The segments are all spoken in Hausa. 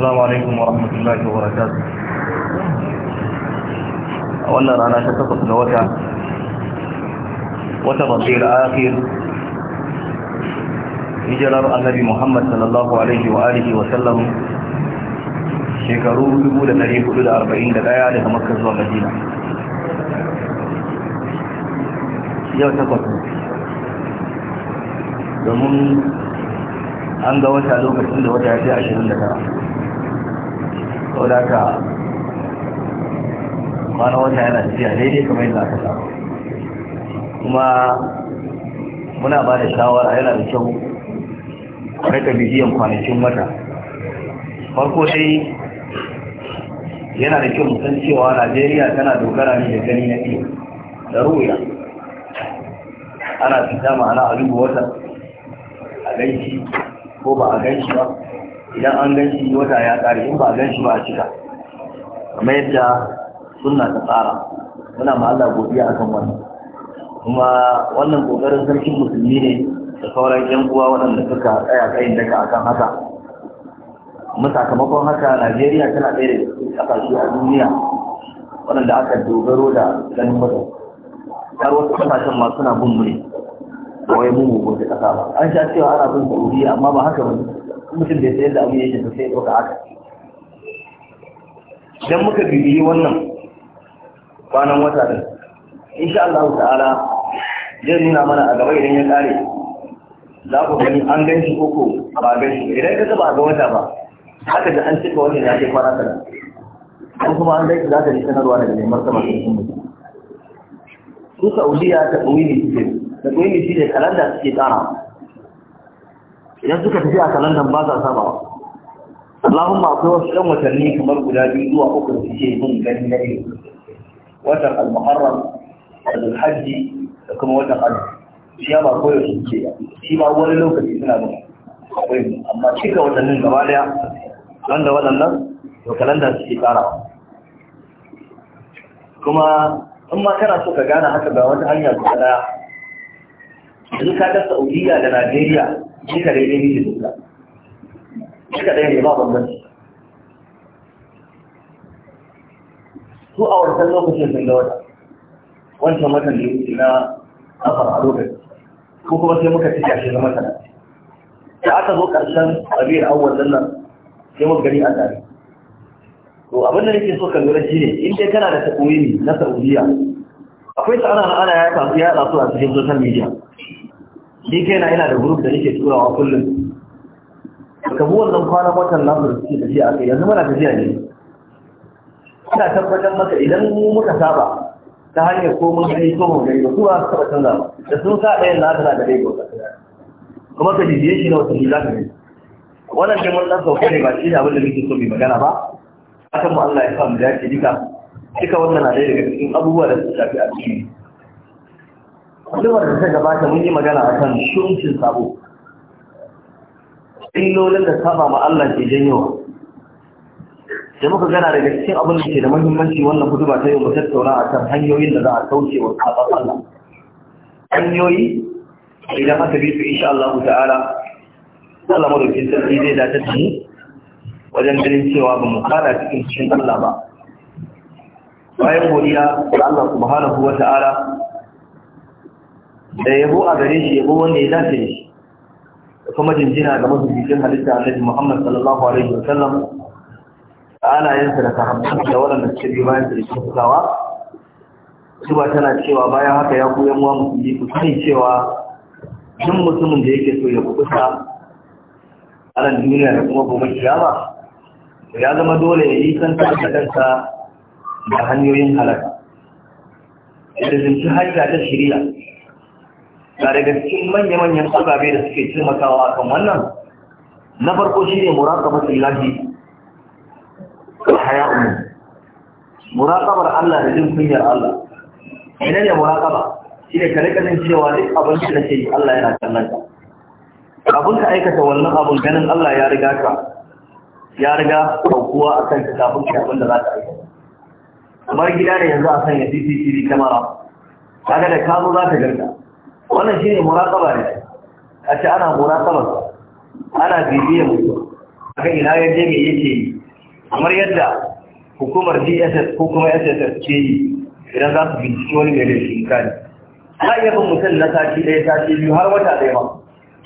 السلام عليكم ورحمة الله وبركاته أولا رانا تتصف لوتا وتبطي الآخر hijirar annabi Muhammad sallallahu alaihi wa alihi wa sallam shekaru 1441 daga Makka zuwa Madina yau takwas domin an ga wata lokacin da wata ya fi 29 saboda ka kwana wata yana tafiya daidai kamar yadda aka samu kuma muna ba da shawara yana da kyau rika bibiyan kwanakin wata farko sai yana da kyau musan cewa najeriya tana dogara ne da gani na iya da ruwa ana fita ma'ana a duba wata a ganci ko ba a ganci ba idan an gan shi wata ya ƙare in ba a gan shi ba a cika kamar yadda suna ta tsara muna ma Allah godiya akan wannan kuma wannan kokarin sarkin musulmi ne da sauran yan uwa waɗanda suka tsaya tsayin daga akan haka kuma sakamakon haka Najeriya tana ɗaya da ƙasashe a duniya waɗanda aka dogaro da ganin mutum har wasu ƙasashen ma suna bin mu ne wai mu mugun da ƙasa ba an sha cewa ana bin Saudiya amma ba haka ba ne mutum bai sayar da abu yake sai ya ɗauka haka idan muka bibiyi wannan kwanan wata ɗin insha Allah ta'ala zai nuna mana a gaba idan ya kare za ku gani an gan shi koko ba gan shi idan ka taba ga wata ba haka da an cika wannan ya ce kwana tara kuma an gaisa za ta sanarwa daga mai martaba sun sun mutu su saudiya ta ɗoyi ne suke ta ɗoyi ne shi kalanda suke tsara idan suka tafi a kalandar ba sa wa Allahun masu wasu ɗan watanni kamar guda biyu zuwa uku da suke yin gani na ne watan al-muharram al-hajji da kuma watan hajji shi ba koyaushe su ba shi ba wani lokaci suna ba akwai amma cika watannin gaba daya wanda waɗannan to kalandar suke tsara kuma in ma kana so ka gane haka ga wata hanya guda daya yanzu ka ga saudiya da najeriya shi ka daidai miki duka shi ka daidai ba bambanci su a wancan lokacin sun ga wata wancan watan da yake na kafar a lokacin ko kuma sai muka ci shi zama sana da aka zo karshen rabiyar awwal din nan sai muka gani a tare to abin da nake so ka lura ne, in dai kana da takwimi na saudiya akwai su ana ana ya kasu ya su a cikin social media ni kaina ina da group da nake turawa kullum ka bu wannan kwanan watan namu da suke tafiya a kai yanzu mana tafiya ne ina tabbatar maka idan mu muka saba ta hanyar ko mun gani ko mun gani ba su ba su taba canza ba da sun sa ɗayan na tana da ɗaya kuma ka jijiye shi na wasu za ka gani wannan dai mun ɗan sauka ne ba shi da abin da muke so mai magana ba kan mu Allah ya sa mu dace duka duka wannan na daidai daga cikin abubuwa da suka shafi cikin kulluwar da ta gabata mun yi magana akan shuncin sabo illolin da saba ma Allah ke janyowa da muka gana daga cikin abin da ke da muhimmanci wannan kuduba ta yi mu tattauna a kan hanyoyin da za a kauce wa sabon Allah hanyoyi idan aka bi su insha Allah ta'ala Allah madaukin sarki zai dace da mu wajen ganin cewa ba mu kada cikin cikin Allah ba bayan godiya da Allah subhanahu wa ta'ala da yabo a gare shi yabo wanda ya dace shi da kuma jinjina ga mazubikin halitta annabi Muhammad sallallahu alaihi wa sallam da alayensa da sahabbansa da waɗanda suke bi bayan da da cikin fukawa ba tana cewa bayan haka ya koyan wa musulmi ku sani cewa duk mutumin da yake so ya kusa a ran duniya da kuma gobe kiyama ya zama dole ya yi kanta da kansa da hanyoyin halaka da zunci hanya ta shirya ga daga cikin manya-manyan ababe da suke taimakawa kan wannan na farko shi ne muraƙabar illahi haya umu. muraƙabar Allah da jin kunyar Allah ina ne muraƙaba shi ne kare kanin cewa duk abin da ke yi Allah yana kallon ka abin ka aikata wannan abin ganin Allah ya riga ka ya riga kaukuwa a kan ka kafin ka abin da za ka aikata kamar gida ne yanzu a sanya CCTV kamara kaga da ka za ta ganta wannan shine muraƙaba ne a ce ana muraƙaba ana bibiyar a kan ina ya je me yake yi kamar yadda hukumar DSS ko kuma SSS ke yi idan za su binciki wani mai laifin kani za iya bin mutum na sati ɗaya sati biyu har wata ɗaya ma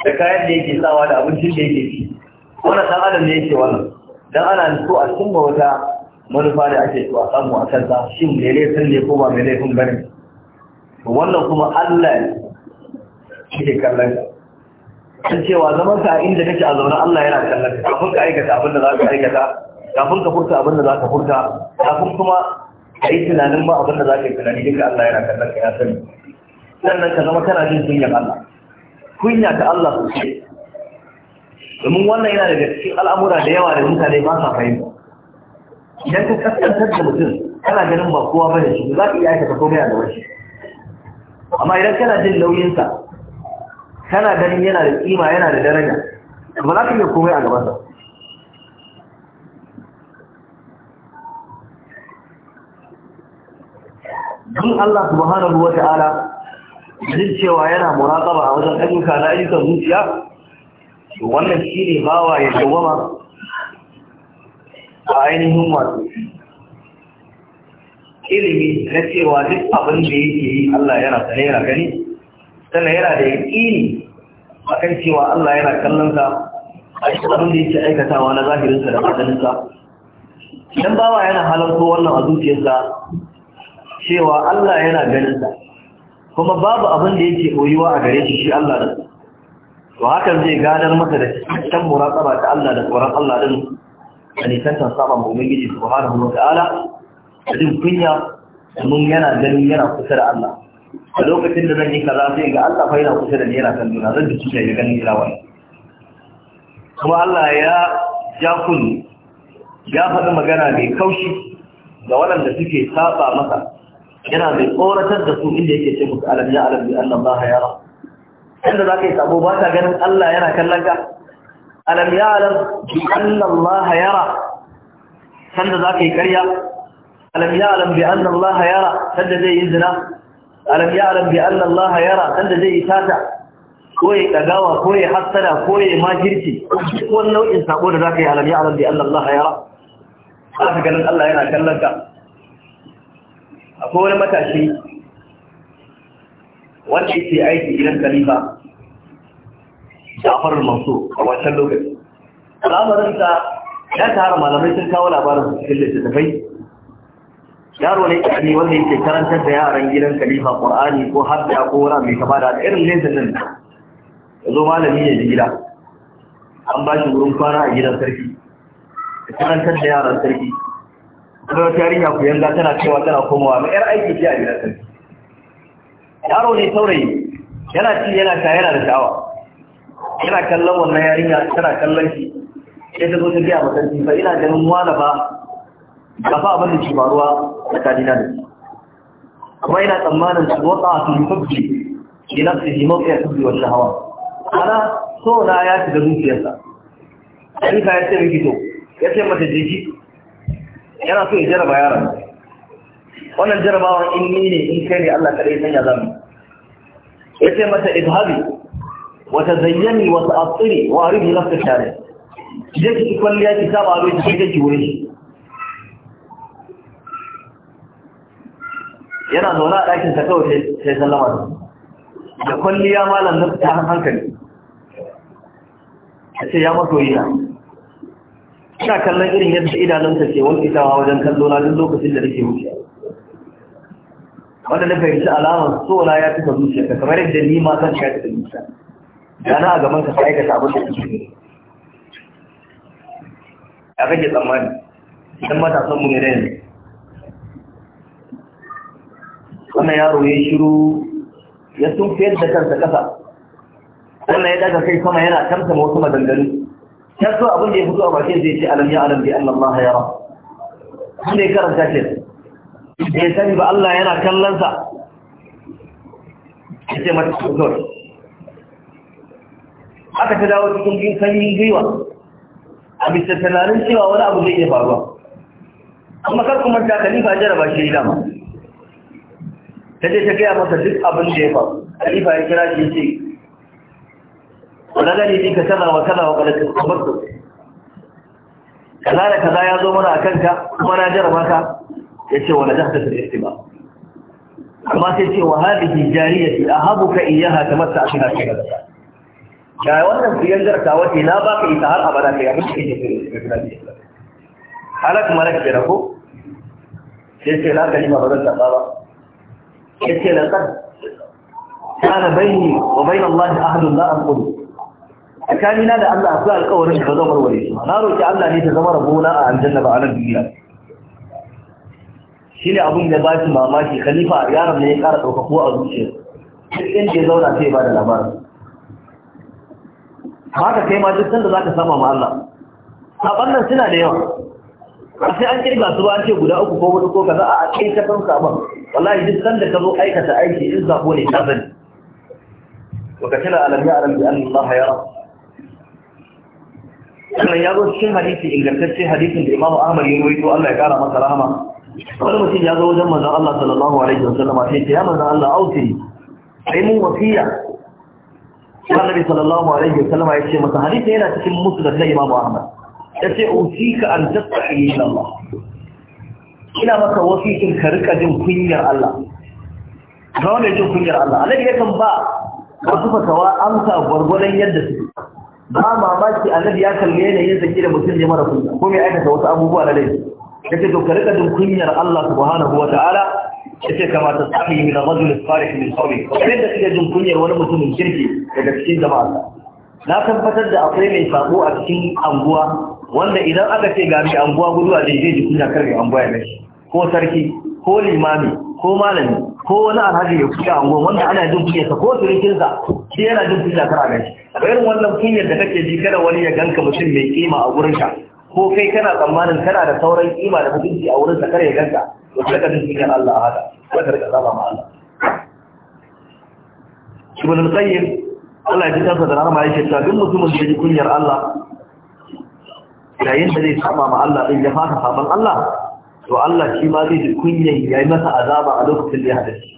da kayan da yake sawa da abincin da yake ci wannan ɗan adam ne yake wannan dan ana so a cimma wata manufa da ake so a samu a kansa shin mai laifin ne ko ba mai laifin ba ne wannan kuma Allah ne ke kallon ka cewa zaman ka inda kake a zaune Allah yana kallon ka kafin ka aikata abin da za ka aikata kafin ka furta abin da za ka furta kafin kuma ka yi tunanin ba abin da za ka yi tunani duka Allah yana kallon ka ya sani sannan ka zama kana jin kunyar Allah kunya ta Allah sosai domin wannan yana daga cikin al'amura da yawa da mutane ba sa fahimta idan ka kaskantar da mutum kana ganin ba kowa bane shi za ka iya aikata komai a gaban shi amma idan kana jin nauyinsa kana ganin yana da kima yana da daraja ba za ka iya komai a gabansa don Allah subhanahu wa ta'ala jin cewa yana muraqaba a wajen ayyuka na ayyukan zuciya wannan shine bawa ya dawama a ainihin wato ilimi na cewa duk abin da yake yi Allah yana ta naira gani sannan yana da yaƙini kan cewa Allah yana kallon sa a yi abin da yake aikatawa na zahirinsa da matsalinsa idan bawa yana halarta wannan a zuciyarsa cewa Allah yana ganin sa kuma babu abin da yake koyuwa a gare shi shi Allah da to hakan zai ganar masa da cikakken tsara ta Allah da tsoron Allah din da saban saba ma ubangiji subhanahu wa ta'ala da kunya domin yana gani yana kusa da Allah a lokacin da zan yi kaza sai ga Allah fa yana kusa da ni yana kan nuna zan ji kiyaye ganin ilawa kuma Allah ya ja kunu ya faɗi magana mai kaushi ga waɗanda suke saba masa yana mai tsoratar da su inda yake ce musu alam ya alam bi Allah ba ya ra inda za ka yi sabo ba ta ganin Allah yana kallon ka alam ya'lam bi anna Allah yara sanda zaka yi ƙarya alam ya'lam bi anna Allah yara sanda zai yi zina alam ya'lam bi anna Allah yara sanda zai yi sata ko ya dagawa ko ya hasada ko ya majirci ko wani nau'in sabo da zaka yi alam ya'lam bi anna Allah yara aka ganin Allah yana kallon ka akwai wani matashi wanda yake aiki gidan khalifa Ja'far al-Mansur a wancan lokaci al'amarin ta ya tara malamai sun kawo labarin cikin littattafai yaro ne kani wanda yake karantar da yaran gidan khalifa qur'ani ko hadda ko wani mai kama da irin nesa nan ya zo malami ya ji gida an ba shi wurin kwana a gidan sarki ya karantar da yaran sarki kuma wata yarinya ku yanga tana cewa tana komawa mai yar aiki ce a gidan sarki yaro ne saurayi yana ci yana sha yana da sha'awa yana kallon wannan yarinya tana kallon shi sai ta zo ta gaya mata ba ina ganin wala ba ba fa abin da ke faruwa tsakanina da shi kuma ina tsammanin su wata su cikin hubbi ke na su jimau ya hubbi wa shahawa ana so na ya shiga zuciyarsa sai ka ya ce miki to ya ce mata ji yana so ya jaraba yaran. wannan jarabawan in ni ne in kai ne Allah kare sanya zamu ya ce mata idhabi Wata wa وتزيني وتأطري وأريد نفس الشارع جيك تقول لي كتاب أريد حيدك وليش yana zaune a ɗakin ta kawai sai sallama da da kwalliya malam na ta hankali Ya ce ya maso yi na ina kallon irin yadda idanunsa ke wani isawa wajen kallo na duk lokacin da nake wuce wanda na fahimci alamar so na ya tuka zuciya kamar yadda ni ma zan shiga ta zuciya gana a gaban ka sai aikata abin da shi yi a kake tsammani idan mata son mu ne da yanzu wannan yaro ya shiru ya sun fiyar da kansa kasa wannan ya daga kai sama yana tamsa wasu maganganu ya so abin da ya fito a bakin zai ce alam ya alam bi anna Allah yara sun da ya karanta ce bai sani ba Allah yana kallon sa ya ce mata kusurwa aka ta dawo cikin jin sanyin gwiwa a bisa tunanin cewa wani abu zai iya faruwa amma kar kuma ta khalifa jaraba shi dama ta je ta gaya masa duk abin da ya faru khalifa ya kira shi ce wani gani ne ka sana wa sana wa kalatin kabarto kaza da kaza ya zo mana a kanka kuma na jaraba ka ya ce wani jahta ta istima amma sai ce wa hadihi jariyati ahabuka iyyaha kamar ta akina kai ga wannan siyangar ta wace na baka ita har abada kai abin da kake so halak malak bi rako yace na kalima ba zan taba ba ce na kan kana baini wa bain Allah ahdun la aqul tsakanina da Allah akwai alƙawarin da zama warware shi na roki Allah ne ta zama rabona a aljanna ba a nan duniya shine abin da ba shi mamaki khalifa yaron ne ya ƙara ɗaukako a zuciya duk inda ya zauna sai ba da labarin ba ka kai ma duk sanda za ka sama ma Allah saban nan suna da yawa a sai an kirga su ba an ce guda uku ko hudu ko kaza a kai ta kan saban wallahi duk sanda ka zo aikata aiki in zabo ne ka sani wa ka tana alam ya'lam bi Allah yara sannan ya zo cikin hadisi ingantacce hadisin da Imam Ahmad ya rawaito Allah ya kara masa rahama wani mutum ya zo wajen manzon Allah sallallahu alaihi wasallam sai ya manzon Allah auti ai mun wasiya shi annabi sallallahu alaihi wasallam ya ce masa hadisi yana cikin musnad na Imam Ahmad yace an tattaqi ina maka ka rika jin kunyar Allah jin kunyar Allah annabi yakan ba wasu fatawa amsa gwargwadon yadda su ba mamaki annabi ya kalle yanayin zaki da mutum mara kunya ko aikata wasu abubuwa na laifi yace to ka rika jin kunyar Allah subhanahu wataala yace kama ta sahi min rajul salih min qawmi kamar da kike jin kunyar wani mutumin kirki daga cikin jama'a na tabbatar da akwai mai sabo a cikin anguwa wanda idan aka ce ga mai anguwa gudu a daidai ji kunya karbe anguwa ya gashi ko sarki ko limami ko malami ko wani alhaji ya kuya anguwa wanda ana jin ta ko surukinsa shi yana jin kunya kar a gashi irin wannan kunyar da kake ji kada wani ya ganka mutum mai kima a ka. ko kai kana tsammanin kana da sauran kima da mutunci a wurinsa kare ganka wata ka jin kunyar Allah haka wata ka saba ma Allah ibn al-qayyim Allah ya ji kansa da rahama yake cewa duk mutumin da ya ji kunyar Allah yayin da zai saba ma Allah ɗin ya fara saban Allah to Allah shi ma zai ji kunyar yi masa azaba a lokacin da ya hada shi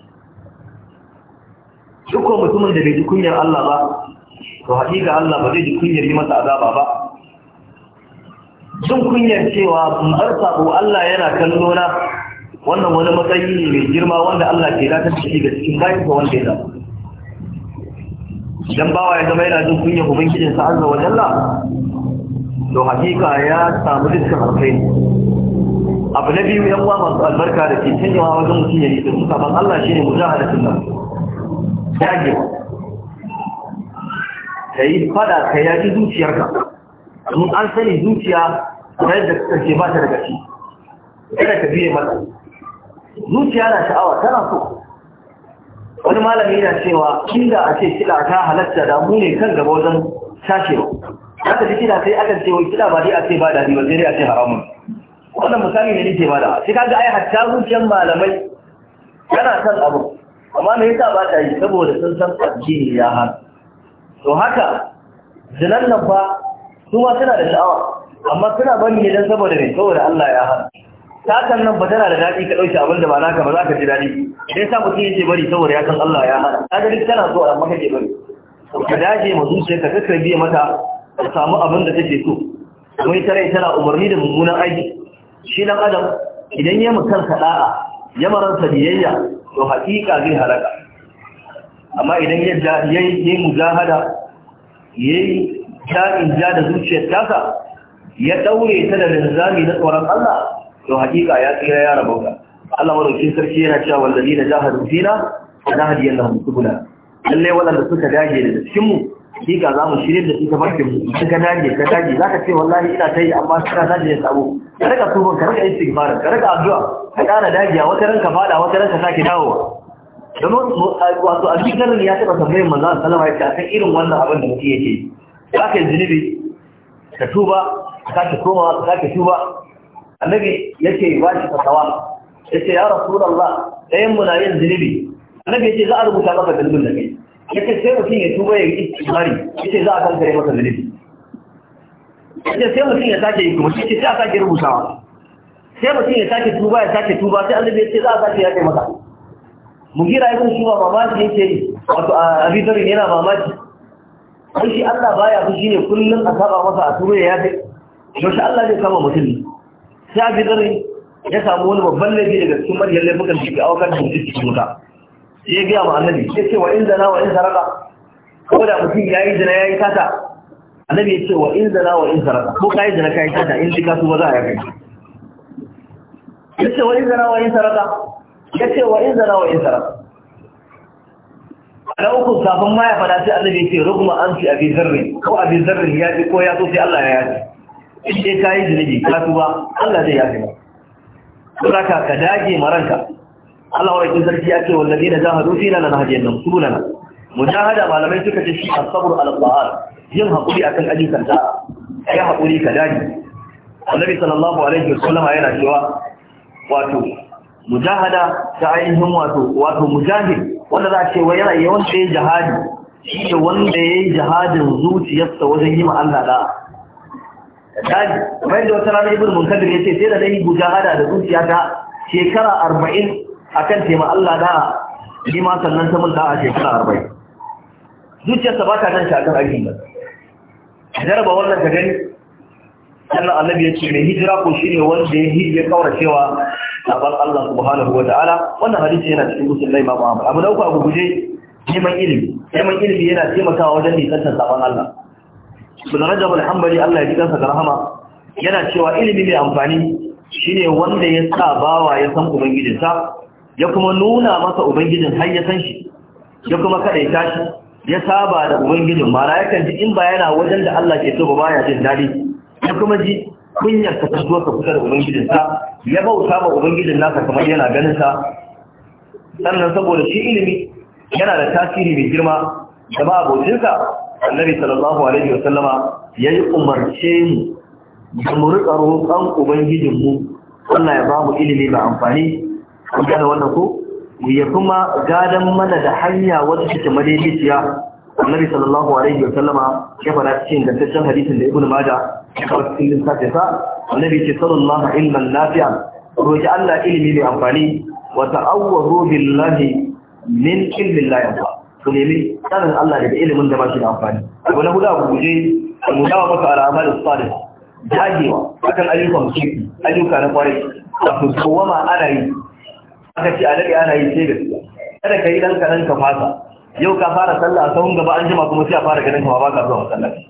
duk mutumin da bai ji kunyar Allah ba to haƙiƙa Allah ba zai ji kunyar yi masa azaba ba jin kunyar cewa in bar sabo Allah yana kallo na wannan wani matsayi ne mai girma wanda Allah ke da ta shi ga cikin bayan ko wanda ya zama idan bawa ya zama yana jin kunya ubangijin sa Allah wa jalla to hakika ya samu dukkan alkhairi abu na biyu yan uwa masu albarka da ke canjawa wajen mutum ya yi da suka ban Allah shine mujahadatul nafs dage kai fada kai ya ji zuciyarka domin an sani zuciya ta yadda kake ba ta daga gashi, kada ka biye mata zuciya na sha'awa tana so wani malami yana cewa inda a ce kila ta halatta da mu ne kan gaba wajen tashewa aka da kiɗa sai akan ce wai kila ba dai a ce ba da ba sai dai a ce haramun wannan misali ne nake ba da sai kaga ai hatta zuciyar malamai yana son abu amma me yasa ba ta yi saboda sun san addini ya hana to haka zinan nan fa su ma suna da sha'awa amma suna bani ne don saboda ne saboda Allah ya hana sakan nan ba tana da daɗi ka ɗauki abin da ba naka ba za ka ji daɗi Idan sa mutum yake bari saboda ya san Allah ya hana ka ga duk tana so amma kake bari ka dace ma zuciya ka kakka mata ka samu abin da take so mai tare tana umarni da mummunan aiki shi dan adam idan ya mutar da'a ya maransa biyayya to haƙiƙa zai halaka amma idan ya yi mujahada ya yi ja da zuciyar tasa ya ɗaure ta da linzami na tsoron Allah to hakika ya tsira ya rabauta Allah madaukin sarki yana cewa wallazi na jahadu fina na hadiyan lahum subula lalle waɗanda suka dage da cikin mu hakika za mu shirye da su ta barkin mu in ka dage ka dage zaka ce wallahi ina tayi amma kana dage da sabo ka rika tuban ka rika istighfar ka rika addu'a ka kana dagiya wata ranka fada wata ka sake dawowa domin wato abin ya taɓa tambayin manzan salama ya ce a irin wannan abin da mutum yake za ka yi zunubi ka tuba ka sake koma ka sake tuba annabi yace bashi shi fatawa yace ya rasulullah ɗayan mu na yin zunubi annabi yace za a rubuta maka zunubin da kai yace sai mutum ya tuba ya yi istighfari yace za a kankare masa zunubi yace sai mutum ya sake yi kuma yace sai a sake rubutawa sai mutum ya sake tuba ya sake tuba sai annabi yace za a sake ya kai maka mugira ibn shuwa mamaki yake yi wato abi dare yana mamaki sai shi Allah baya fushi ne kullun a saba masa a ture ya kai yaushe Allah zai kama mutum sai abi ya samu wani babban laifi daga cikin mariyar laifukan shi ga aukar da mutum cikin wuta sai ya gaya ma annabi ya ce wa in zana wa in saraka ko da mutum ya yi zina ya yi kata annabi ya ce wa in zana wa in saraka ko ka yi zina ka yi kata in ji kasu ba za a yi kai ya ce wa in zana wa in saraka ya ce wa in zana wa in saraka uku kafin ma ya fada sai annabi ya ce rukma an fi Abin zarri ko Abin zarri ya ko ya so sai Allah ya yaji in kayi zunubi ka tuba Allah zai yafi ba saboda ka dage maranka Allah wa yakin sarki yake wallahi da zahadu fi lana hadiyan sulana mujahada malamai suka ce shi sabr ala ta'al yin hakuri akan ayyukan ta ya hakuri ka dage Annabi sallallahu alaihi wasallam yana cewa wato mujahada ta ainihin wato wato mujahid wanda za a ce wai yana yawan sai jihadi shi wanda yayi jihadin zuciyarsa wajen yi ma Allah da'a dani kamar yadda wata rana ibn munkadir ya ce sai da nayi mujahada da zuciya ta shekara arba'in akan tema Allah da ni ma sannan ta mulka a shekara arba'in zuciyarsa ba ta nan shakar aikin ba jaraba wannan ta gani sannan annabi ya mai hijira ko shine wanda ya hijira kawar cewa sabon Allah subhanahu wa ta'ala wannan hadisi yana cikin musulmai ma Muhammad abu da abu guje neman ilimi neman ilimi yana taimakawa wajen nisantar sabon Allah ibn rajab al-hanbali Allah ya ji kansa da rahama yana cewa ilimi mai amfani shine wanda ya sa bawa ya san ubangijinsa ya kuma nuna masa ubangijin har ya san shi ya kuma ya tashi ya saba da ubangijin mara yakan ji in ba yana wajen da Allah ke so ba baya jin daɗi ya kuma ji kunyar ka zuwa ka kusa da ubangijinsa ya bauta ma ubangijin nasa kamar yana ganin sa sannan saboda shi ilimi yana da tasiri mai girma da ma abokinsa annabi sallallahu alaihi wasallama yayi umarce ni da mu rika roƙon ubangijin mu Allah ya ba mu ilimi ba amfani kun gane wannan ko ya kuma gadan mana da hanya wata take madaidaiciya annabi sallallahu alaihi wasallama ya fara cikin dantaccen hadisin da ibnu maja ya kawo cikin lissafin sa annabi ce sallallahu ilman nafi'a roki Allah ilimi mai amfani wa ta'awwazu billahi min ilmin la ku nemi sanin Allah daga ilimin da ba shi da amfani abu na hudu abu guje mu dawo maka alama da salih dagewa akan ayyukan musulmi ayyuka na kwarai wato kowama ana yi aka ce a daɗe ana yi sai gaskiya kada ka yi ɗan kaɗan ka fasa yau ka fara sallah a sahun gaba an jima kuma sai a fara ganin ka ba ka zuwa masallaci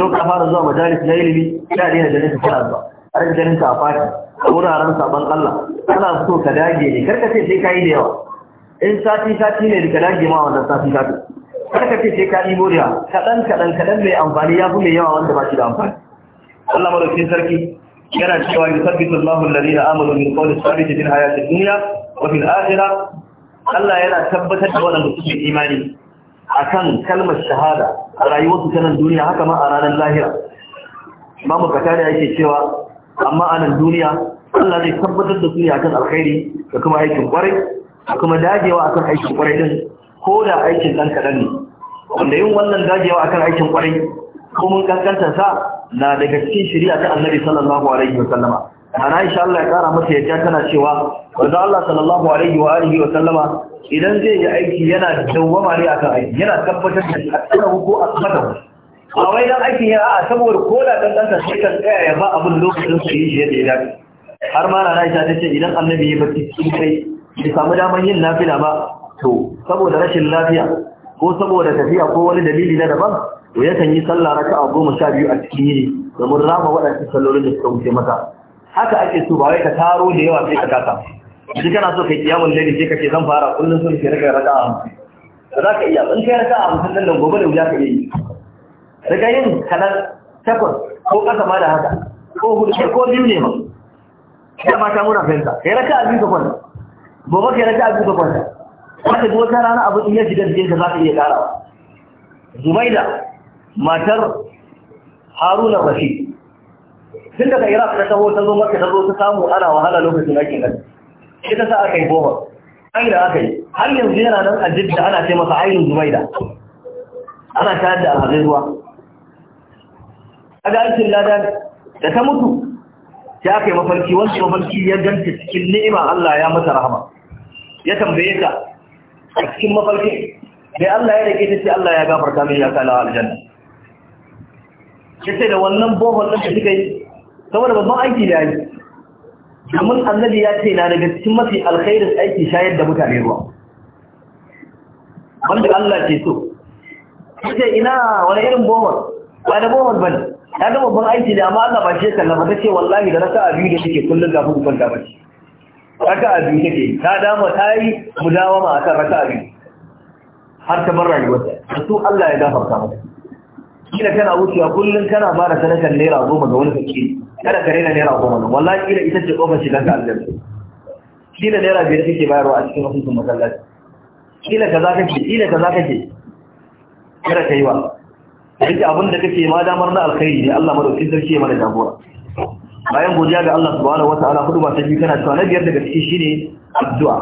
yau ka fara zuwa majalis na ilimi Ya daina ganin ka fara zuwa a rage ganin ka a fati a wuraren sabon Allah kana so ka dage ne karka ce sai ka yi da yawa in sati sati ne daga nan ma wannan sati sati kar ka ce ka ɗibo da kaɗan kaɗan kaɗan mai amfani ya fi mai yawa wanda ba shi da amfani Allah madaukakin sarki yana cewa yusabbitu Allahu alladhina amanu bil qawli thabit fil hayati dunya wa fil akhirah Allah yana tabbatar da waɗanda suke imani akan kalmar shahada a rayuwarsu ta nan duniya haka ma a ranar lahira kata da yake cewa amma a nan duniya Allah zai tabbatar da su ne akan alkhairi da kuma aikin kwarai a kuma a akan aikin kwarai din ko da aikin ɗan kaɗan ne wanda yin wannan a akan aikin kwarai ko mun kankanta sa na daga cikin shari'a ta annabi sallallahu alaihi wa sallama ana insha Allah ya ƙara masa yadda tana cewa wanda Allah sallallahu alaihi wa alihi wa sallama idan zai yi aiki yana dawwama ne akan aiki yana tabbatar da asarahu ko asbatahu a wai dan aiki ya a saboda ko da kankanta sai kan tsaya ya ba abin lokacin sa yi shi yadda ya dace har ma na Aisha ta ce idan annabi ya bacci cikin kai bai samu daman yin lafiya ba to saboda rashin lafiya ko saboda tafiya ko wani dalili na daban to yakan yi sallah raka a goma sha biyu a cikin yini domin rama waɗansu sallolin da suka wuce masa haka ake so ba wai ka taro da yawa sai ka kasa shi kana so kai kiyamun dare sai ka ce zan fara kullum sun ke raka raka'a hamsin za ka iya in kai a hamsin nan gobe da wuya ka iya yi daga yin kanan takwas ko ƙasa ma da haka ko hudu ko biyu ne ma da mata muna fahimta kai a biyu ka kwanta Gobe ba kai raja abu ga kwanta wata ga wata rana abu iya ya shiga cikin za ka iya karawa zubaida matar haruna rashid tun daga iraq na taho ta zo maka ta zo ta samu ana wahala lokacin aikin nan shi ta sa aka yi bohol ai da aka yi har yanzu yana nan a jidda ana ce masa ainihin zubaida ana tayar da alhazai ruwa a ga aikin ladan da ta mutu ta aka yi mafarki wasu mafarki ya ganta cikin ni'ima Allah ya masa rahama ya tambaye ta a cikin mafarki dai Allah ya rage ta ce Allah ya gafarta min ya kala aljanna sai da wannan bohon da kika yi saboda babban aiki da yi domin annabi ya ce na daga cikin mafi alkhairin aiki shayar da mutane ruwa wanda Allah ke so sai ina wani irin bohon ba da bohon bane ta ga babban aiki da amma Allah ba shi ya kallafa ta ce wallahi da rasa biyu da take kullum ga hukun da shi. raka a biyu take ta dama ta yi mu dawa ma akan raka a biyu har ta bar rayuwarta da su Allah ya gafarta mata kila kana wucewa kullum kana ba da sadakar naira goma ga wani fakiri kada ka raina naira goma nan wallahi kila ita ce kofar shi ka aljanna kila naira biyar kake bayarwa a cikin asusun masallaci kila kaza kake kila kaza kake kada ka yi wa rike abin da kake ma damar na alkhairi ne Allah madaukin sarki ya mana jagora bayan godiya ga Allah subhanahu wataala hudu ba ta biyu kana cewa na biyar daga ciki shine addu'a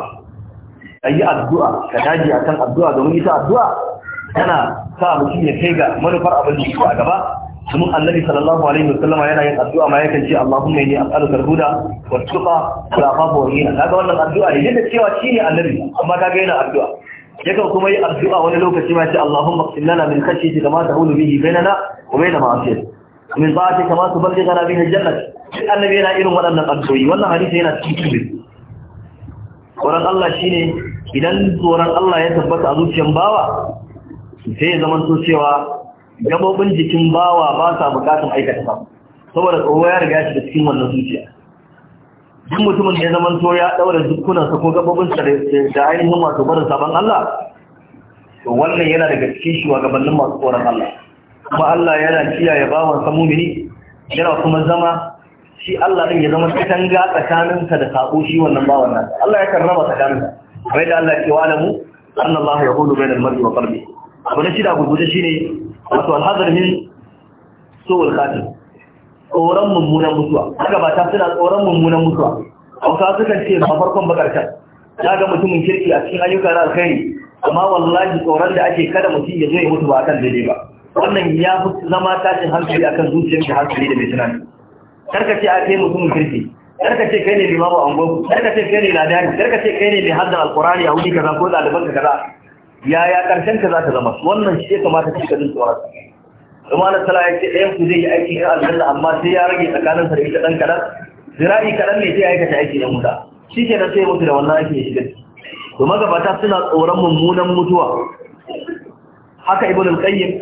ayi addu'a ka daji akan addu'a domin ita addu'a tana sa mutum ya kai ga manufar abin da a gaba domin annabi sallallahu alaihi wasallam yana yin addu'a ma yakan ce Allahumma inni as'aluka al-huda wa tuqa wa afafa wa ghina kaga wannan addu'a ne Yadda cewa shine annabi amma kaga yana addu'a yakan kuma yi addu'a wani lokaci ma ce Allahumma qsim lana min khashyatika ma tahulu bihi bainana wa bain ma'asiyatik min ta'atika ma tuballighana bihi al-jannah duk annabi yana irin waɗannan addu'o'i wannan hadisi yana cikin tsoron Allah shi ne idan tsoron Allah ya tabbata a zuciyan bawa sai ya zama so cewa gabobin jikin bawa ba sa bukatun aikata ba saboda tsoro ya riga shi da cikin wannan zuciya duk mutumin da ya zama so ya daura dukkunansa ko gabobinsa da ainihin masu barin sabon Allah to wannan yana daga cikin shugabannin masu tsoron Allah kuma Allah yana kiyaye bawan mumini yana kuma zama shi Allah ɗin ya zama katanga tsakaninka da sako shi wannan ba wannan Allah ya kan raba tsakaninka bai da Allah ya ce wa alamu anna Allah bai da mar'i wa qalbi abu na shida shi shine wato alhazar min su'ul khatim tsoron mummunan mutuwa haka ba ta suna tsoron mummunan mutuwa hausa sukan ce ba farkon ba karshen ya ga mutumin kirki a cikin ayyuka na alkhairi amma wallahi tsoron da ake kada mutum ya zo ya mutu ba akan daidai ba wannan ya fi zama tashin hankali akan zuciyar da hankali da mai tunani karka ce a kai mutumin kirki karka ce kai ne limamu a ungoku karka ce kai ne ladani karka ce kai ne mai haddar alkurani a wuri kaza ko ɗaliban ka kaza yaya karshen ka za ta zama wannan shi ya kamata ci ka jin tsoron kuma na sala ya ce ɗayan ku zai yi aiki ɗan aljanna amma sai ya rage tsakanin sa da ita ɗan kaɗan zira'i kaɗan ne sai aikata aiki na muta shi ke nan sai mutu da wannan aiki ya shiga to magabata suna tsoron mummunan mutuwa haka ibn al-qayyim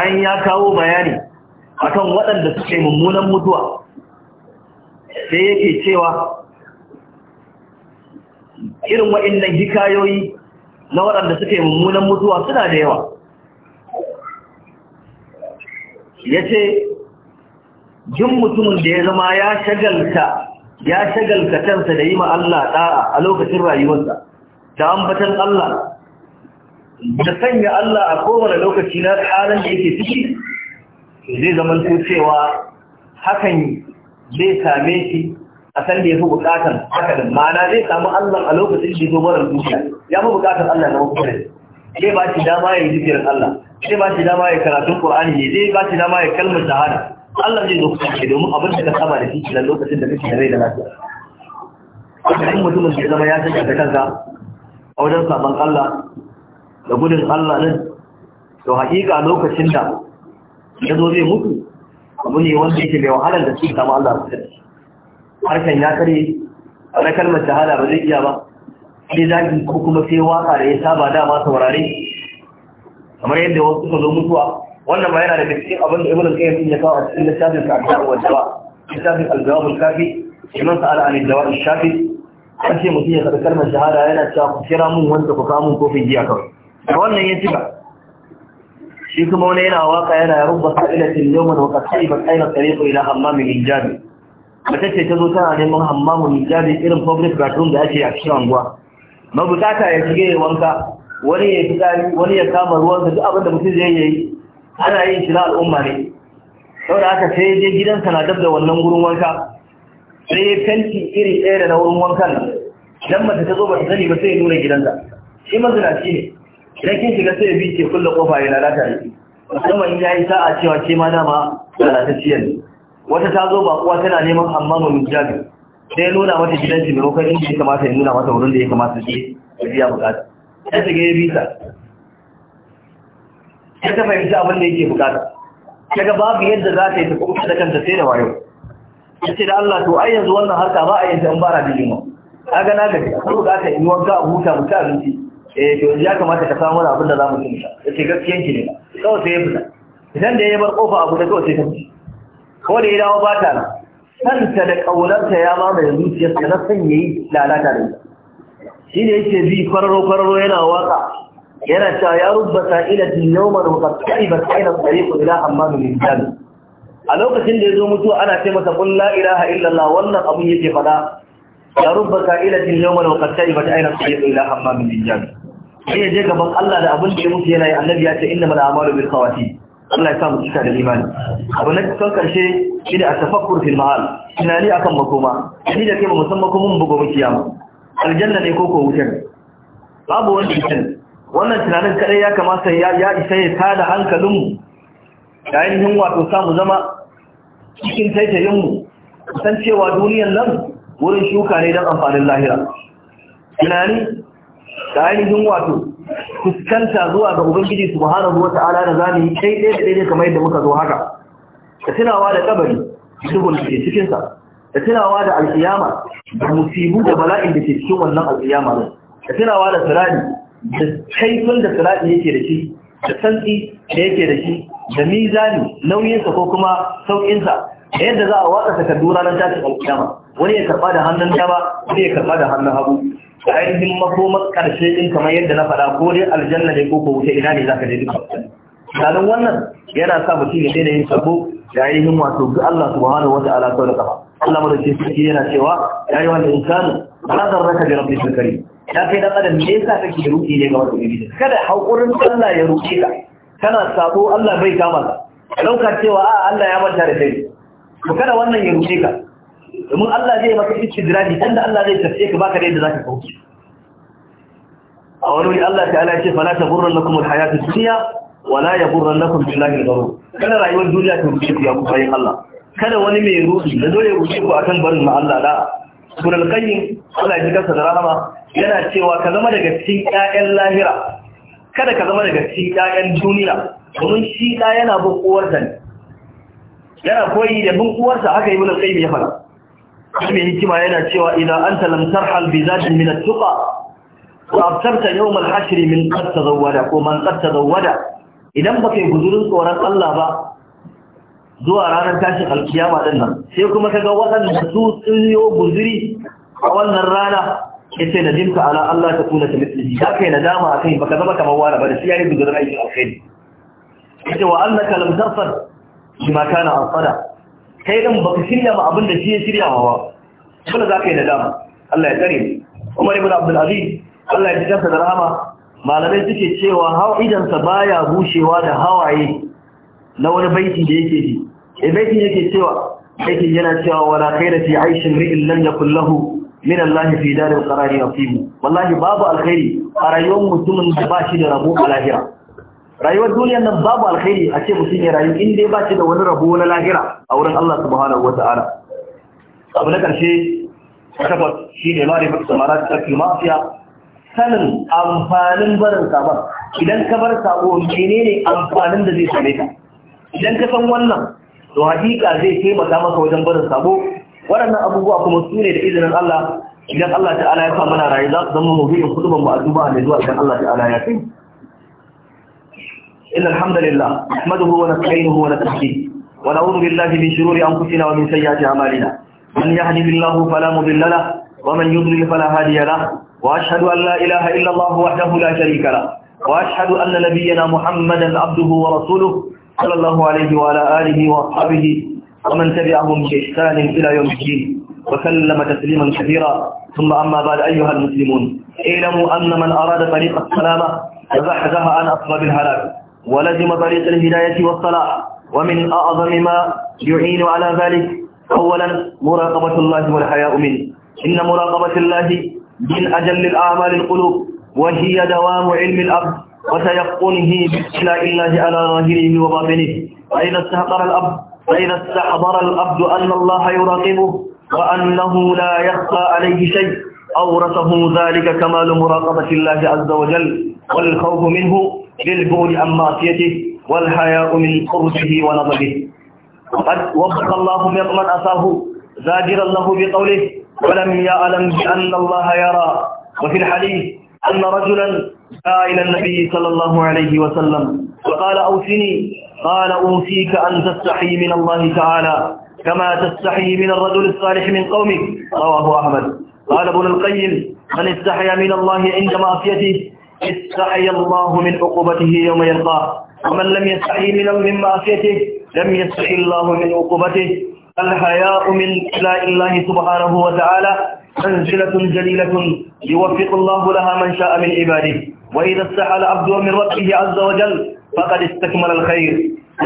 an ya kawo bayani akan waɗanda suke mummunan mutuwa sai yake cewa irin waɗannan hikayoyi na waɗanda suke mummunan mutuwa suna da yawa ya ce jin mutumin da ya zama ya shagalta ya shagalta kansa da yi ma Allah ɗa'a a lokacin rayuwarsa da ambatan Allah da sanya Allah a kowane lokaci na tsarin da yake ciki zai zama cewa hakan zai same shi a san da ya fi bukatar hakalin mana zai samu allah a lokacin da zo marar dukiya ya fi bukatar allah na mafi zai ba shi dama ya yi zikirin allah zai ba shi dama ya karatun qur'ani ne zai ba shi dama ya kalmar shahada allah zai zo kusa ke domin abin da ka saba da shi a lokacin da kake da rai da lafiya kuma mutumin da zama ya san da kansa a wajen saban allah da gudun allah din to hakika lokacin da ya zo zai mutu abu ne wanda yake mai wahalar da su samu Allah su harkan ya kare na kalmar shahada ba zai iya ba sai zagi ko kuma sai waka da ya saba dama saurare kamar yadda wasu ka zo mutuwa wannan ba yana da cikin abin da ibn al-qayyim ya kawo a cikin littafin sa al-jawab wa dawa littafin al-jawab al-kafi liman sa'ala an al-dawa al-shafi an ce mutum ya karɓi kalmar shahada yana cewa ku kira mun wanda ku kawo mun kofin giya kawai da wannan ya ci ba. shi kuma wani yana waka yana rubba sa'ilatin yawman wa qasai ba kaina ko ila hammamin hijabi mace ce ta zo tana neman hammamin hijabi irin public bathroom da ake a cikin anguwa mabukata ya shige ya wanka wani ya tsari wani ya kama ruwan da duk abin da mutum zai yi ana yin shi na al'umma ne da haka sai je gidansa na dab da wannan gurin wanka sai ya fenti iri ɗaya da na wurin wankan dan mace ta zo ba ta sani ba sai ya nuna gidansa shi mazinaci ne idan kin shiga sai ya bi ke kulle kofa ya lalata da musamman in yayi sa'a cewa ke ma dama lalatacciya ne wata ta zo bakuwa tana neman amma mu mijabi sai nuna mata gidan shi kan inda ya kamata ya nuna mata wurin da ya kamata shi ya biya bukata sai ta ga ya bi ta sai ta fahimci abin da yake bukata kaga babu yadda za ta yi ta kuma da kanta sai da wayo sai da Allah to ai yanzu wannan harka ba a yanzu an bara bijima kaga na gaji ko da ka yi wanka a huta mutum abinci eh to ya kamata ka samu abin da za mu tunta yace gaskiyan ki ne kawai sai ya idan da ya bar kofa abu da kawai sai ta ko da ya dawo ba ta ta da kaunarta ya zuciya sai na san yayi lalata da ita shi ne yake bi fararo fararo yana waka yana cewa ya rubba sa'ilatin yawman wa qad ta'ibat sa'ilat tariqu ila amma min jannah a lokacin da ya zo mutuwa ana ce masa kun la ilaha illallah wannan abun yake fada ya rubba ka'ilatin yawmal wa qad ta'ibat ayna sayyidu ila hammam min jan sai ya je gaban Allah da abin da ya mutu yana yi annabi ya ce innamal a'malu bil khawati Allah ya samu cika da imani abu na kan karshe shi da tafakkur fil ma'al tunani akan makoma ni da kai ba musamman kuma mun bugo miki aljanna ne ko ko wutar babu wani mutum wannan tunanin kadai ya kamata ya ya isa ya tada hankalinmu yayin yin wato samu zama cikin taitayin mu san cewa duniyar nan wurin shuka ne don amfanin lahira tunani da ainihin wato fuskanta zuwa ga ubangiji su zuwa ta'ala da za mu yi kai ɗaya da ɗaya kamar yadda muka zo haka da tunawa da kabari duhun da ke cikinsa. da tunawa da alkiyama da musibu da bala'in da ke cikin wannan alƙiyama ne da tunawa da sirani da kaifin da sirani yake da shi da santsi da yake da shi da mizani nauyinsa ko kuma sauƙinsa da yadda za a watsa takardu ranar tashin alkiyama wani ya karɓa da hannun dama wani ya karɓa da hannun hagu ainihin makomar ƙarshe ɗin kamar yadda na faɗa ko dai aljanna ne ko ko wuce ina ne za ka je duka sanin wannan yana sa mutum ya daina yin sabo da ainihin wato ga Allah subhanahu wa ta'ala sau da kafa Allah mu da ce sarki yana cewa ya yi wani insani ala zarraka bi rabbil karim ya kai dan adam me yasa kake ruki ne ga wani ubangiji kada hakurin Allah ya ruki ka kana sabo Allah bai kama ka dauka cewa a Allah ya manta da kai to kada wannan ya ruki ka domin Allah zai maka istidraji inda Allah zai tafiye ka baka da yadda zaka kauce a wani wuri Allah ta'ala ya ce fala taghurrannakum alhayatud ya wala na kuma al-ghurur kada rayuwar duniya ta rufe ku ya ku bayin Allah kada wani mai ruhi da dole ya rufe ku akan barin ma Allah da Ibn al-Qayyim Allah ya ji kansa da rahama yana cewa ka zama daga cikin ƴaƴan lahira kada ka zama daga cikin ƴaƴan duniya domin shi da yana bin uwarsa ne yana koyi da bin uwarsa aka yi al-Qayyim ya faɗa mai hikima yana cewa idan an talamtar halbi bi zatin min at-tuqa yau abtarta min ko man qad tazawwada idan baka yi guzurin tsoron Allah ba zuwa ranar tashin alkiyama din nan sai kuma ga waɗanda su tsinyo guzuri a wannan rana yace nadimka ala Allah ta kuna ta mithlihi da kai nadama akai baka zama kamar wani ba da shi yayi guzurin aikin alkhairi yace wa annaka lam tarfad bima kana asada kai ba baka shirya ma abin da shi ya shirya ma ba dole za ka yi dama. Allah ya tsare Umar ibn Abdul Aziz Allah ya jikansa da rahama malamai suke cewa hawa idansa baya bushewa da hawaye na wani baiti da yake ji eh baitin yake cewa baitin yana cewa wala khaira fi aishin ri'in lam yakul lahu min Allah fi daril qarari nasib wallahi babu alkhairi a rayuwar mutumin da ba shi da rabo a lahira rayuwar duniyar nan babu alkhairi a ce mutum ya rayu in dai ba shi da wani rabo na lahira a wurin Allah subhanahu wa ta'ala abu na karshe takwas shi ne mari mafi samara da tafi mafiya sanin amfanin barin sabon idan ka bar sabo menene amfanin da zai same ka idan ka san wannan to hakika zai taimaka maka wajen barin sabo waɗannan abubuwa kuma su ne da izinin Allah idan Allah ta'ala ya sa mana rayu za su zama mu biyu kuduban mu a duba da zuwa idan Allah ta'ala ya kai إن الحمد لله نحمده ونستعينه ونستهديه ونعوذ بالله من شرور أنفسنا ومن سيئات أعمالنا من يهده الله فلا مضل له ومن يضلل فلا هادي له وأشهد أن لا إله إلا الله وحده لا شريك له وأشهد أن نبينا محمدا عبده ورسوله صلى الله عليه وعلى آله وأصحابه ومن تبعهم بإحسان إلى يوم الدين وسلم تسليما كثيرا ثم أما بعد أيها المسلمون اعلموا أن من أراد طريق السلامة فزحزح عن أصحاب الهلاك ولزم طريق الهداية والصلاة ومن أعظم ما يعين على ذلك أولا مراقبة الله والحياء منه إن مراقبة الله من أجل الأعمال القلوب وهي دوام علم الأب وتيقنه بإلى الله على ظاهره وباطنه فإذا استحضر الأب فإذا استحضر الأبد أن الله يراقبه وأنه لا يخفى عليه شيء أورثه ذلك كمال مراقبة الله عز وجل والخوف منه للبول عن معصيته والحياء من قربه ونظره وقد وفق الله من أساه زاجرا له بقوله ولم يعلم بأن الله يرى وفي الحديث أن رجلا جاء إلى النبي صلى الله عليه وسلم فقال أوصني قال أوصيك أن تستحي من الله تعالى كما تستحي من الرجل الصالح من قومك رواه أحمد قال ابن القيم من استحيا من الله عند معصيته استعي الله من عقوبته يوم يلقاه ومن لم يستعي من معصيته لم يستعي الله من عقوبته الحياء من لا الله سبحانه وتعالى منزلة جليلة يوفق الله لها من شاء من عباده وإذا استحل عبد من ربه عز وجل فقد استكمل الخير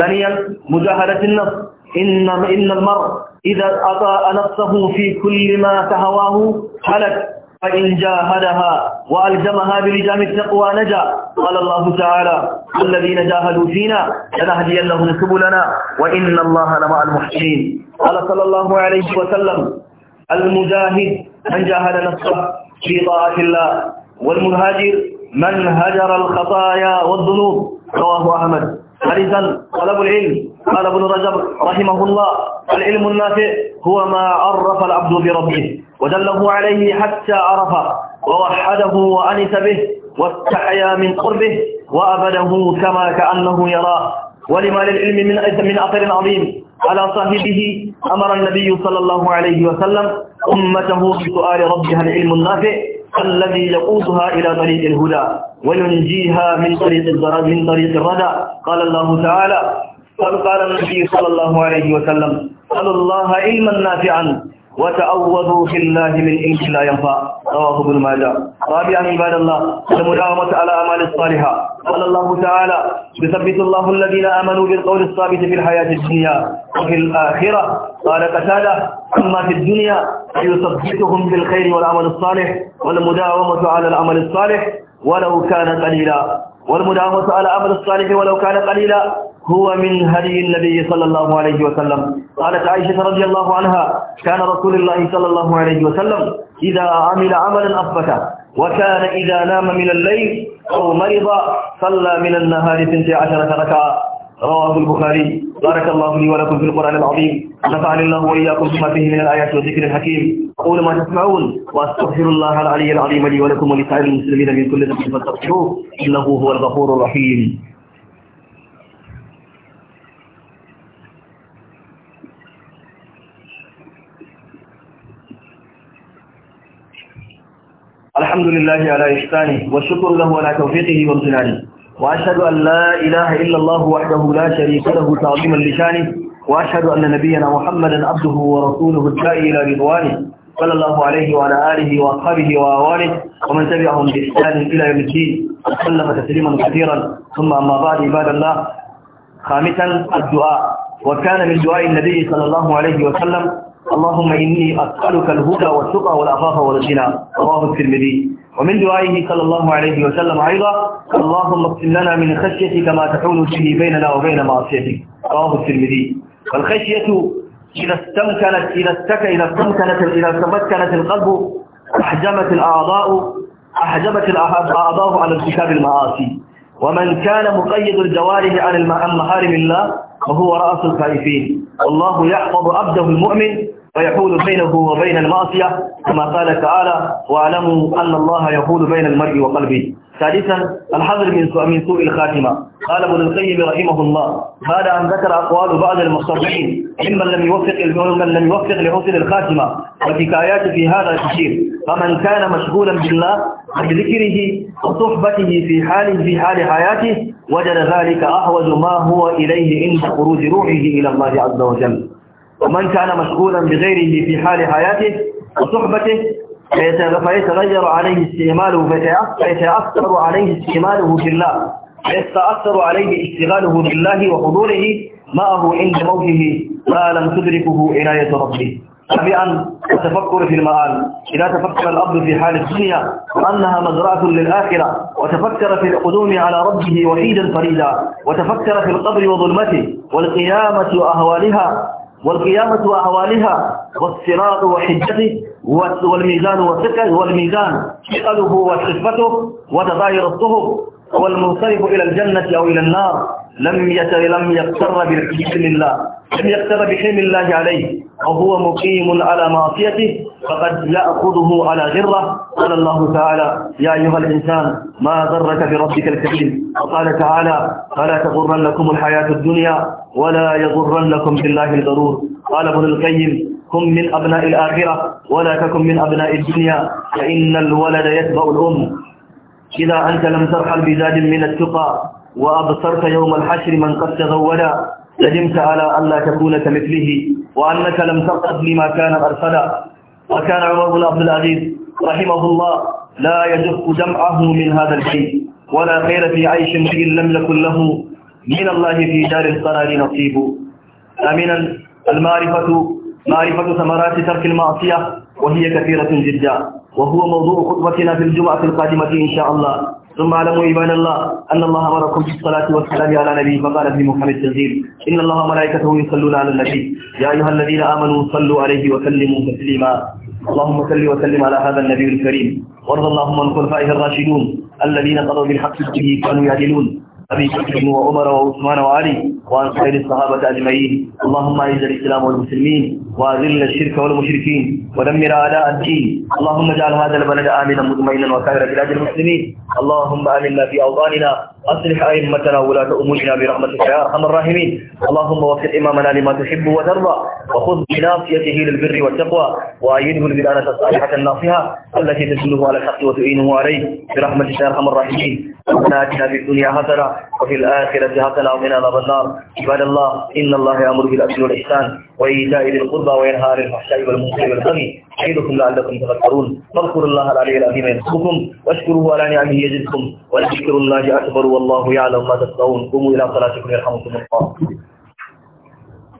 ثانيا مجاهدة النفس إن, إن المرء إذا أطاع نفسه في كل ما تهواه هلك فإن جاهدها وألزمها بلجام التقوى نجا قال الله تعالى الذين جاهدوا فينا لنهدينهم سبلنا وإن الله لمع المحسنين قال صلى الله عليه وسلم المجاهد من جاهد نفسه في طاعة الله والمهاجر من هجر الخطايا والذنوب رواه أحمد حريصا طلب العلم قال ابن رجب رحمه الله العلم النافع هو ما عرف العبد بربه ودله عليه حتى عرفه ووحده وأنس به واستحيا من قربه وأبده كما كأنه يراه ولما للعلم من من أثر عظيم على صاحبه أمر النبي صلى الله عليه وسلم أمته بسؤال ربها العلم النافع الذي يقودها إلى طريق الهدى وينجيها من طريق الضرر من طريق الردى قال الله تعالى قال النبي صلى الله عليه وسلم قال الله علما نافعا وتعوذوا بالله من إنك لا ينفع رواه ابن ماجه رابعا عباد الله المداومة على الاعمال الصالحة قال الله تعالى يثبت الله الذين آمنوا بالقول الثابت في الحياة الدنيا وفي الآخرة قال تعالى أما في الدنيا يثبتهم بالخير والعمل الصالح والمداومة على العمل الصالح ولو كان قليلا والمداومة على عمل الصالح ولو كان قليلا هو من هدي النبي صلى الله عليه وسلم قالت عائشة رضي الله عنها كان رسول الله صلى الله عليه وسلم إذا عمل عملا أثبته وكان إذا نام من الليل أو مرض صلى من النهار 12 ركعة رواه البخاري بارك الله لي ولكم في القرآن العظيم نفعني الله وإياكم بما فيه من الآيات والذكر الحكيم أقول ما تسمعون وأستغفر الله العلي العظيم لي ولكم ولسائر المسلمين من كل ذنب فاستغفروه إنه هو الغفور الرحيم الحمد لله على إحسانه والشكر له على توفيقه وامتنانه وأشهد أن لا إله إلا الله وحده لا شريك له تعظيما لشانه وأشهد أن نبينا محمدا عبده ورسوله الداعي إلى رضوانه صلى الله عليه وعلى آله وأصحابه وأوانه ومن تبعهم بإحسان إلى يوم الدين وسلم تسليما كثيرا ثم أما بعد عباد الله خامسا الدعاء وكان من دعاء النبي صلى الله عليه وسلم اللهم إني أسألك الهدى والتقى والعفاف والغنى رواه الترمذي ومن دعائه صلى الله عليه وسلم أيضا اللهم اغفر لنا من خشيتك ما تحول به بيننا وبين معصيتك رواه الترمذي فالخشية إذا استمكنت إذا إذا استمكنت إذا تمكنت القلب أحجمت الأعضاء أحجبت الأعضاء على ارتكاب المعاصي ومن كان مقيد الجوارح عن محارم الله فهو رأس الخائفين والله يحفظ عبده المؤمن ويحول بينه وبين المعصية كما قال تعالى واعلموا أن الله يحول بين المرء وقلبه ثالثا الحذر من من سوء الخاتمة قال ابن القيم رحمه الله بعد أن ذكر أقوال بعض المصرحين ممن لم يوفق ممن لم يوفق لحسن الخاتمة وحكايات في هذا كثير فمن كان مشغولا بالله بذكره وصحبته في حال في حال حياته وجد ذلك أحوج ما هو إليه عند خروج روحه إلى الله عز وجل ومن كان مشغولا بغيره في حال حياته وصحبته فيتغير عليه استعماله فيتأثر عليه استعماله في الله فيتأثر عليه اشتغاله بالله وحضوره معه عند موته ما لم تدركه عناية ربه سابعا التفكر في المآل إذا تفكر الأرض في حال الدنيا وأنها مزرعة للآخرة وتفكر في القدوم على ربه وحيدا فريدا وتفكر في القبر وظلمته والقيامة وأهوالها والقيامة وأهوالها والصراط وحجته والميزان وثقه والميزان ثقله وخفته وتغاير الصهب والمنصرف إلى الجنة أو إلى النار لم يت لم يقتر بحلم الله لم يقتر بحلم الله عليه وهو مقيم على معصيته فقد يأخذه على غرة قال الله تعالى يا أيها الإنسان ما ضرك بربك الكريم وقال تعالى فلا تغرن لكم الحياة الدنيا ولا يغرن لكم بالله الغرور قال ابن القيم كن من أبناء الآخرة ولا تكن من أبناء الدنيا فإن الولد يتبع الأم إذا أنت لم ترحل بزاد من التقى وأبصرت يوم الحشر من قد تزودا ندمت على ألا تكون كمثله وأنك لم تقصد لما كان أرسلا وكان عمر بن عبد العزيز رحمه الله لا يدق دمعه من هذا البيت ولا خير في عيش امرئ لم يكن له من الله في دار القرار نصيب امنا المعرفة معرفة ثمرات ترك المعصية وهي كثيرة جدا وهو موضوع خطبتنا في الجمعة القادمة إن شاء الله ثم اعلموا إيمان الله ان الله امركم بالصلاه والسلام على نبيه فقال في محمد التنزيل ان الله وملائكته يصلون على النبي يا ايها الذين امنوا صلوا عليه وسلموا تسليما اللهم صل وسلم على هذا النبي الكريم وارض اللهم عن خلفائه الراشدون الذين قضوا بالحق به كانوا يعدلون أبي بكر وعمر وعثمان وعلي وعن سائر الصحابة أجمعين اللهم أعز الإسلام والمسلمين وأذل الشرك والمشركين ودمر أعداء الدين اللهم اجعل هذا البلد آمنا مطمئنا وسائر بلاد المسلمين اللهم آمنا في أوطاننا أصلح أئمتنا ولاة أمورنا برحمتك يا أرحم الراحمين اللهم وفق إمامنا لما تحب وترضى وخذ بناصيته للبر والتقوى وأيده البلادة الصالحة الناصحة التي تدله على الحق وتعينه عليه برحمتك يا أرحم الراحمين ربنا آتنا في الدنيا حسنة وفي الآخرة حسنة وقنا نار النار عباد الله إن الله يأمر بالعدل والإحسان وإيتاء ذي القربى القربى وينهى عن الفحشاء والمنكر والبغي يعظكم لعلكم تذكرون فاذكروا الله العلي العظيم يذكركم واشكروه على نعمه يزدكم ولذكر الله اكبر والله يعلم ما تصنعون قوموا الى صلاتكم يرحمكم الله